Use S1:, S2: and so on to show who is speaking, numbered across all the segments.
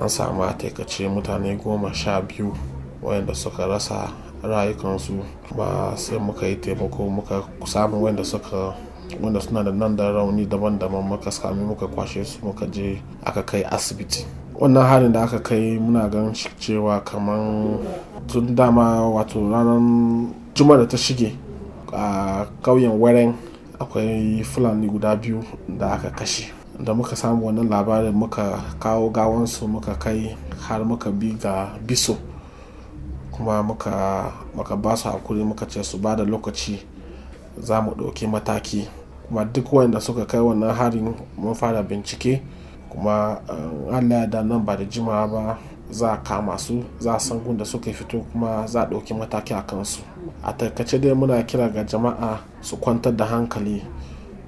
S1: an samu a taikace mutane goma sha biyu wayanda suka rasa rayukansu ba sai muka yi taimako muka samu wayanda suka wanda suna da nan da rauni daban-daban muka sami muka kwashe su muka je aka kai asibiti wannan harin da aka kai muna gan cewa kamar tun dama wato ranar juma da ta shige a ƙauyen waren akwai fulani guda biyu da aka kashe da muka samu wannan labarin muka kawo gawansu muka kai har muka bi ga biso kuma muka ba su hakuri muka ce su ba da lokaci za mu ɗauki mataki kuma duk wanda suka kai wannan harin mun fara bincike kuma eh, allah da nan ba da jimawa ba za a kama su za a san da suka fito kuma za a ɗauki mataki a kansu a takaice dai muna kira ga jama'a su kwantar da hankali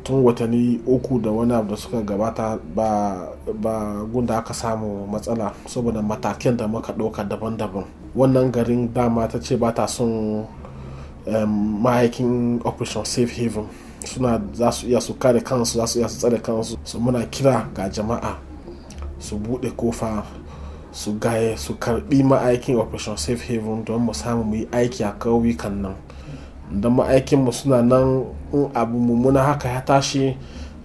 S1: tun watanni uku da wani abu da suka gabata ba, ba gunda aka samu matsala saboda matakin da muka ɗauka daban-daban wannan garin dama ta ce ba ta son ma'aikin operation safe haven suna za su iya su kare kansu za su iya su tsare kansu su muna kira ga jama'a su buɗe kofa su gaye su karbi ma'aikin operation safe haven don mu samu mu yi aiki a kauyukan nan don ma'aikinmu suna nan in abu mummuna haka ya tashi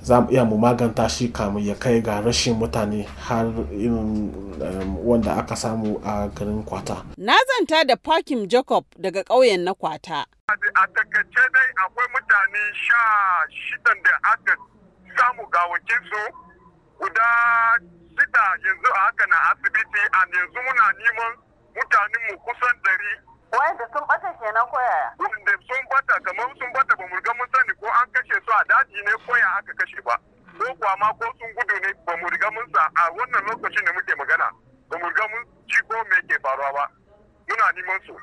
S1: za mu iya mu maganta shi kamun ya kai ga rashin mutane har irin um, wanda aka samu a garin kwata.
S2: Na zanta da Parkim Jacob daga ƙauyen na kwata. A takaice dai akwai mutane sha shidan da aka
S3: samu gawakinsu guda shida yanzu a haka na asibiti a yanzu muna neman mutanenmu kusan dari
S2: Wai da sun bata kenan ko yaya?
S3: Sun bata kamar sun bata ba mu mun sani ko an kashe su a daji ne ko ya aka kashe ba. Ko kuwa ma ko sun gudu ne ba mu mun sa a wannan lokacin da muke magana ba mu riga mun ci ko me ke faruwa ba. Muna neman su.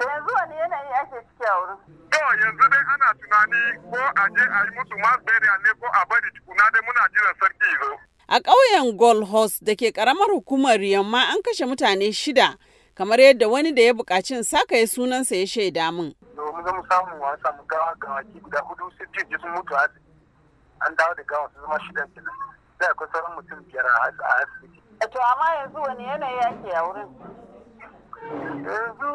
S3: Yanzu wani yanayi ake ciki a wurin? To yanzu dai ana tunani ko a je a yi musu mass burial ne ko a bari tukuna dai
S2: muna jiran sarki zo. A ƙauyen Gold Horse da ke ƙaramar hukumar Yamma an kashe mutane shida kamar yadda wani da ya buƙaci in saka ya sunansa ya shaida min.
S3: Domin zama samu wa samu gawa gawaki guda hudu sai jirgi sun mutu an dawo da gawa su zama shida kenan. Sai akwai sauran mutum biyar a asibiti. Eh, to amma yanzu wani yanayi ake a wurin? Yanzu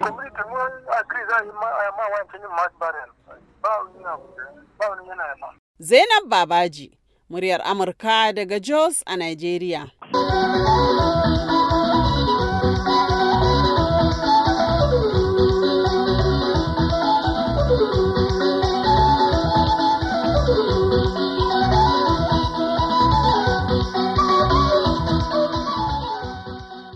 S3: community mu a kiri za a yi ma wancan yin mass burial.
S2: Ba wani yana ba. Zainab Babaji, muryar Amurka daga Jos a Nigeria. Thank you.